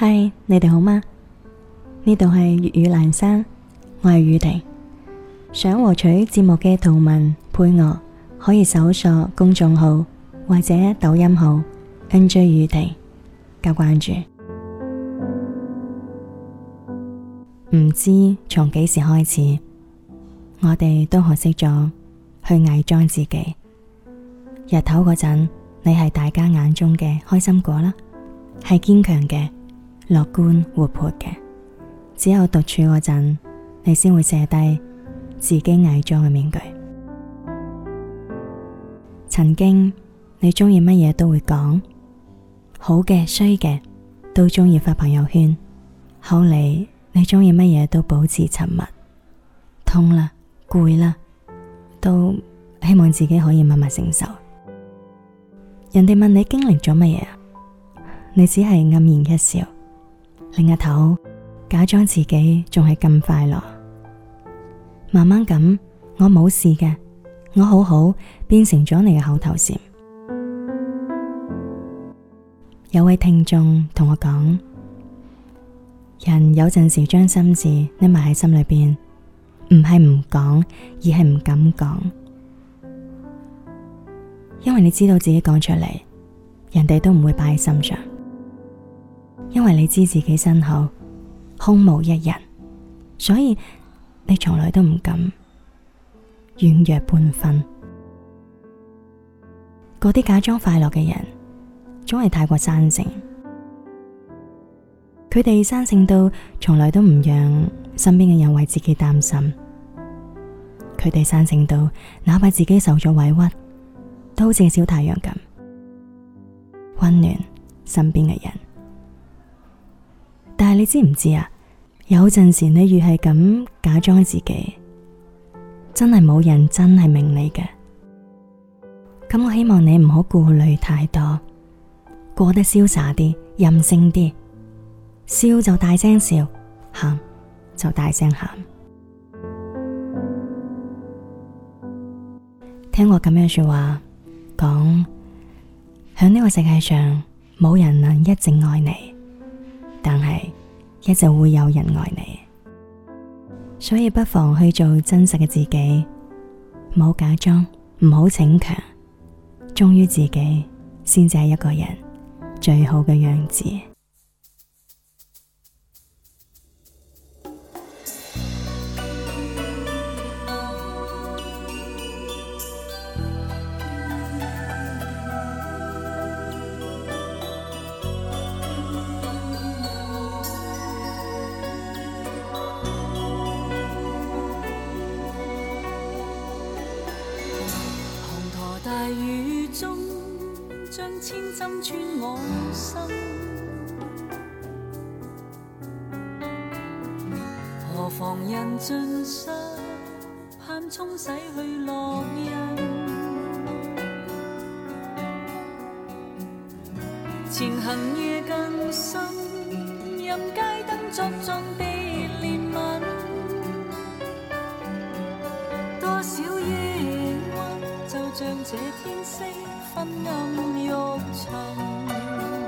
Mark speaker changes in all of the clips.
Speaker 1: 嗨，Hi，你哋好嗎？呢度係粵語闌珊，我係雨婷。想獲取節目嘅圖文配樂，可以搜索公眾號或者抖音號 N J 雨婷加關注。唔知從幾時開始，我哋都學識咗去偽裝自己。日頭嗰陣，你係大家眼中嘅開心果啦，係堅強嘅。樂觀活潑嘅，只有獨處嗰陣，你先會卸低自己偽裝嘅面具。曾經，你鍾意乜嘢都會講，好嘅、衰嘅都鍾意發朋友圈。後嚟你鍾意乜嘢都保持沉默，痛啦、攰啦，都希望自己可以慢慢承受。人哋問你經歷咗乜嘢啊？你只係黯然一笑。另一頭假裝自己仲係咁快樂，慢慢咁，我冇事嘅，我好好變成咗你嘅口頭禪。 有位聽眾同我講，人有陣時將心事匿埋喺心裏邊，唔係唔講，而係唔敢講，因為你知道自己講出嚟，人哋都唔會擺喺心上。因為你知自己身後空無一人，所以你從來都唔敢軟弱半分。嗰啲假裝快樂嘅人，總係太過生性。佢哋生性到從來都唔讓身邊嘅人為自己擔心。佢哋生性到，哪怕自己受咗委屈，都好似小太陽咁溫暖身邊嘅人。但係你知唔知啊？有陣時你越係咁假裝自己，真係冇人真係明你嘅。咁我希望你唔好顧慮太多，過得瀟灑啲、任性啲，笑就大聲笑，喊就大聲喊。聽我咁樣說話，講，響呢個世界上冇人能一直愛你，但係。一直會有人愛你，所以不妨去做真實嘅自己，唔好假裝，唔好逞強，忠於自己，先至係一個人最好嘅樣子。
Speaker 2: 大雨中將，將千針穿我心。何妨人盡濕，盼沖洗去烙印。前行夜更深， 任街燈作狀地。像這天色昏暗欲沉。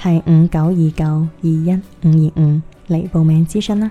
Speaker 1: 係五九二九二一五二五嚟報名諮詢啦。